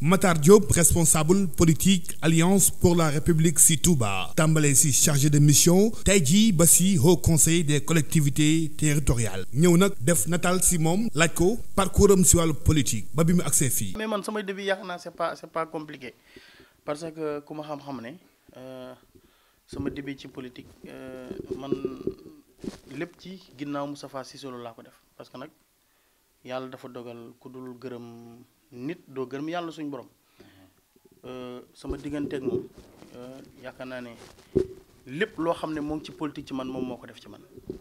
Matar Diop responsable politique alliance pour la république si Touba tàmbale si chargé de mission tey jii ba si haut conseil des collectivité territoriales ñëw nag def nataal si moom laaj ko parcours am si wàllu politique ba bi mu accès fii. mais man samay début yàq naa c'est pas c'est pas compliqué parce que ku ma xam-xam ne. Euh, sama début ci politique euh, man lépp ci ginnaaw Moustapha Cissé laa ko def parce que nag yàlla dafa dogal ku dul gërëm nit doo gërëm yàlla suñu borom mhm. euh, sama digganteeg moom euh, yaakaar naa ne lépp loo xam ne moo ngi ci politique ci man moom moo ko def ci man.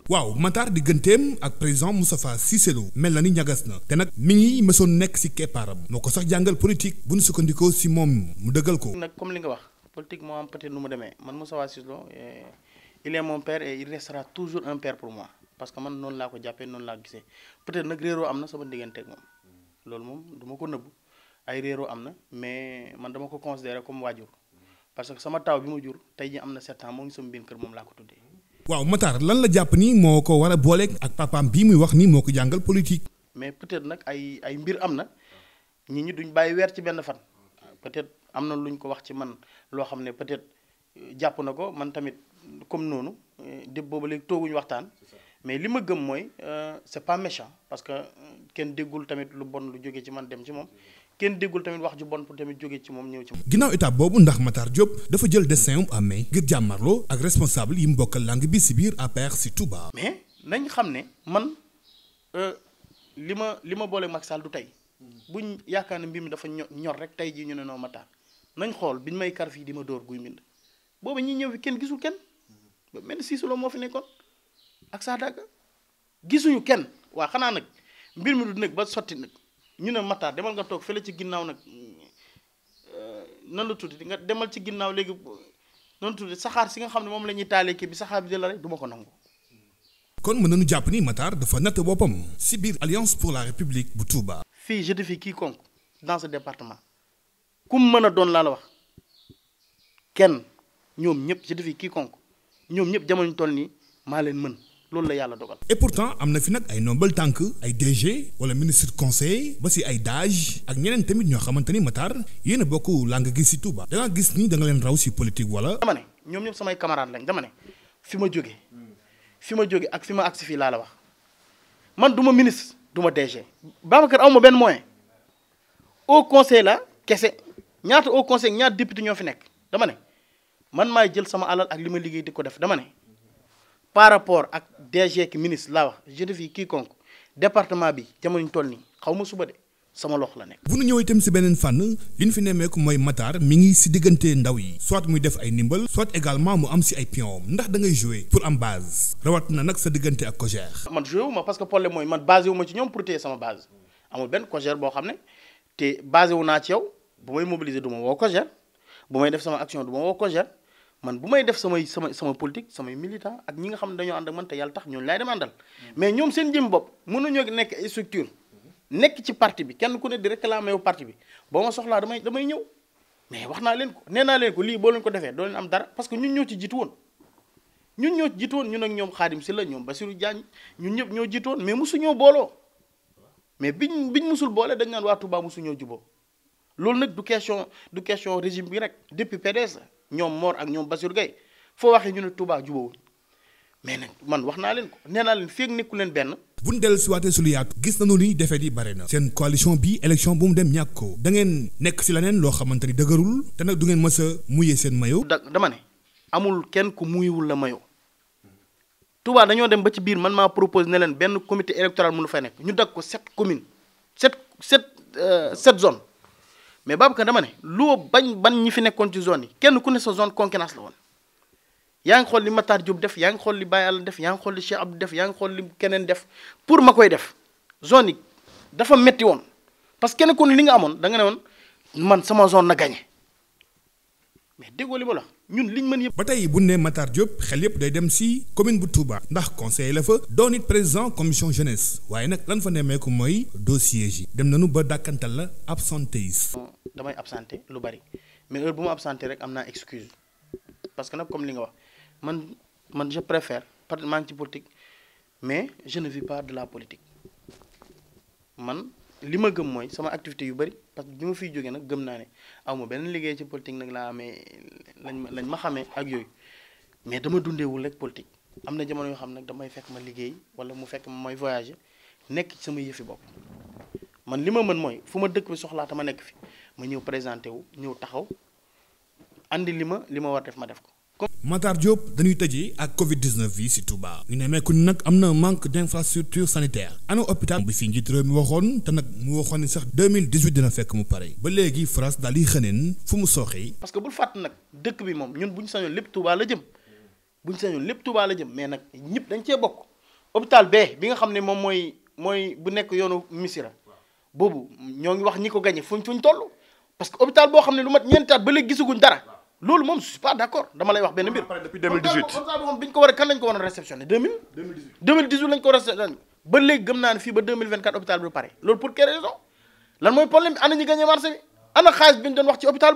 waaw Matar digganteem ak président Moustapha Cissé Lo mel na ni ñagas na te nag mi ngi mësoon nekk si keppaaram moo ko sax jàngal politique bu nu sukkandikoo si moom mu dëggal ko. nag comme li nga wax. politique moo am peut-être nu mu demee man Moustapha Cissé Lo eh, il est mon père et il toujours un père pour moi parce que man noonu laa ko jàppee noonu laa gisee peut-être nag réeroo am na sama diggante ak moom loolu moom duma ko nëbbu ay réeroo am na mais man dama ko considéré comme waajur parce que sama taw bi ma jur tey jii am na sept ans moo ngi sama biir kër moom laa ko tuddee. waaw Matar lan la jàpp nii moo ko war a booleeg ak papaam bii muy wax ni moo ko jàngal politique. mais peut-être nag ay mbir am na nit ñi duñ bàyyi weer ci benn fan am na lu ñu ko wax ci man loo xam ne peut-être euh, jàpp na ko man tamit comme noonu euh, déb boobu léegi tooguñu waxtaan mais li ma gëm mooy euh, c'est pas méchant parce que kenn déggul tamit lu bon lu jóge ci man dem ci moom kenn déggul tamit wax ju bon pour tamit jóge ci moom ñëw ci moom. ginnaaw étape boobu ndax Matar Diop dafa jël dessin am en main ngir jàmmarloo ak responsable yi mu bokk langue bi si biir APR si Touba. mais nañ xam ne man li ma li ma boole mag Sall tey mm. buñ yaakaar ne mbir mi dafa ñor rek tey jii ñu ne noo Matar. nañ xool bi may kar fii di ma dóor guy mbind booba ñi ñëw fi kenn gisul kenn ba mel ni moo fi nekkoon ak Sadaga gisuñu kenn waa xanaa nag mbir mi du nag ba sotti nag ñu ne Matar demal nga toog fële ci ginnaaw nag euh, nan la tudd nga demal ci ginnaaw léegi nan tudd saxaar si nga xam ne moom la ñuy taalee kii bi saxaar bi de la rek du ko nangu. kon mën nañu jàpp ni Matar dafa natt boppam. si biir alliance pour la république bu Touba. fii je défie département. ku mën a doon laal la wax kenn ñoom ñëpp je défie quiconque ñoom ñëpp jamono ñu toll nii maa leen mën loolu la yàlla dogal. et pourtant am na fi nag ay nombal tànk ay DG wala ministre conseil ba si ay DAGE ak ñeneen tamit ñoo xamante ni Matar yéen a bokk làng gi si Touba. da nga gis nii danga nga leen raw si politique wala. dama ne ñoom ñëpp samay camarades lañ dama ne fi ma jógee fi ma jógee ak fi ma agsi fii laa wax man du ma ministre du ma DG. Babacar ma benn moyen ñaata au conseil ñaata député ñoo fi nekk dama ne man maay jël sama alal ak li ma liggéey di ko def dama ne par rapport ak DG ki ministre laa wax je kii quiconque département bi jamono ñu toll nii xaw ma suba de sama loxo la nekk. bu nu ñëw itam si beneen fànn li nu fi nemmeeku mooy Matar mi ngi si diggante ndaw yi soit muy def ay ndimbal soit également mu am si ay pion ndax dangay ngay pour am base rawat na nag sa diggante ak cogère. man joué wu ma parce que problème mooy man basé wu ma ñoom pour sama base amul benn cogère boo xam ne te basé wu naa ci yow. bu may mobilisé du ma woo COJER bu may def sama action du ma woo COJER man bu may def samay sama sama politique samay militant ak ñi nga xam ne dañoo ànd ak man tax ñooñu laay dem mm. mais ñoom seen jëm bopp mënuñoo nekk ay structure nekk ci bi kenn ku ne di réclamer wu parti bi boo ma soxlaa damay damay ñëw mais wax naa leen ko nee ko lii boo leen ko defee doo am dara parce que ñun ñoo ci jiitu woon. ñun ñoo jiitu woon ñun ak ñoom Khadim Sylla ñoom Bassirou Diagne ñun ñëpp ñoo jiitu woon mais mosu ñoo booloo mais biñ biñ mosul boole dañ naan waa Touba mosu ñoo juboo loolu nag du question du question régime bi rek depuis PDS ñoom Mor ak ñoom Bassirou Gueye foo waxee ñu ne tubaa Touba jubawul mais nag man wax naa leen ko nee leen feek ak leen benn. bu ñu dellu si waatee su lu yaatu gis nañu ni defet yi na seen coalition bi élection bu mu dem ñàkk ko da ngeen nekk si leneen loo xamante ni dëgërul te nag du ngeen mës a muyee seen mayo. da dama ne amul kenn ku muyiwul la mayo Touba dañoo dem ba ci biir man maa propose ne leen benn comité électoral mënu fay nekk ñu dag ko sept communes sept sept euh, sept zones. mais Babacar dama ne loo bañ ban ñi fi nekkoon ci zone yi kenn ku ne sa zone concurrence la woon yaa ngi xool li Matar Diop def yaa ngi xool li Baye Alla def yaa ngi xool li Cheikh Abdou def yaa ngi xool li keneen def pour ma koy def zone yi dafa metti woon parce que kenn ku li nga amoon da nga ne woon man sama zone na gagné mais déggoo li ma la ñun liñ mën yëpp. ba tey bu ne Matar Diop xel yëpp day dem si commune bu Touba. ndax conseil la fa doon it président commission jeunesse waaye nag lan fa nemmeeku mooy dossier yi. dem nañu ba dàkkantal la absentéisme. damay absenté lu bari mais heure bu ma absenté rek am naa excuse parce que nag comme li nga wax man man je préfère parce que ci politique mais je ne vis de la politique man li ma gëm mooy sama activité yu bari parce que bi ma fiy jógee nag gëm naa ne aw ma benn liggéey ci politique laa amee lañ lañ ma xamee ak yooyu mais dama dundeewul rek politique am na jamono yoo xam nag damay fekk ma liggéey wala mu fekk ma mooy voyager nekk ci sama yëfi bopp man li ma mën mooy fu ma dëkk soxlaata ma nekk fi ma ñëw présenté wu ñëw taxaw andi li ma li ma war def ma def ko. Matar Diop dañuy tëjee ak Covid 19 bi si Touba. ñu ne meeku nag am na manque d' infrastructure sanitaire. ana hôpital bi fi njiit réew mi waxoon te nag mu waxoon ne sax mille 2018 dina fekk mu pare. ba léegi France daal di xëneen fu mu sooxee. parce que bul fàtt nag dëkk bi moom ñun bu ñu sañoon lépp Touba la jëm bu ñu sañoon lépp Touba la jëm mais nag ñëpp dañ cee bokk. hôpital bee bi nga xam ne moom mooy mooy bu nekk yoonu Missirah boobu ñoo wax ñi ko gañe fuñ fuñ toll. parce que hôpital boo xam ne lu mat wax benn a kan lañ a réceptionné 2000. 2018 2018 lañ ko réceptionné ba léegi gëm naa ne fii ba 2024 loolu pour quelle raison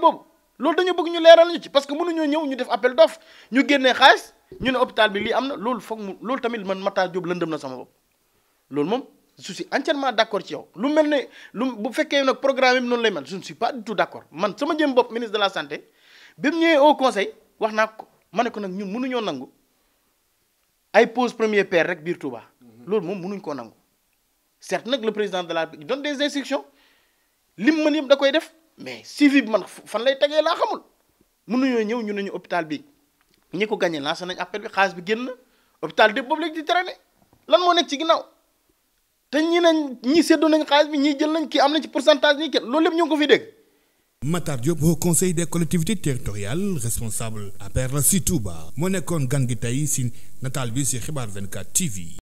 boobu loolu dañu bëgg ñu leeral ñu ci parce que mënuñoo ñëw ñu def appel d'offre ñu génnee xaalis ñu ne hôpital bi lii am na loolu foog mu loolu tamit man Matar Diop lëndëm na sama bopp loolu moom je suis entièrement d' accord ci yow lu mel ne lu bu fekkee nag programme bi noonu lay mel je ne suis pas du tout d' accord man sama jëm bopp ministre de la santé bi mu ñëwee au conseil wax naa ko ma ne ko nag ñun mënuñoo nangu ay pose premier pierre rek biir Touba mhm. loolu moom mënuñ koo nangu certes nag le président de la République donne des instructions lim mën yëpp da koy def mais suivi bi man fan lay tegee laa xamul mënuñoo ñëw ñu nañu hôpital bi ñi ko gagné lancé nañ appel bi bi génn hôpital de boobu léegi di traîner lan moo nekk ci ginnaaw. te ñi nañ ñi séddoo nañ xaalis bi ñii jël nañ kii am nañ ci pourcentage ñii kenn loolu lépp ñu ngi ko fi dégg. Matar Diop conseil des collectivités territoriales responsable APR la si Touba moo nekkoon gan gi tey si nataal bi si Xibaar 24 TV.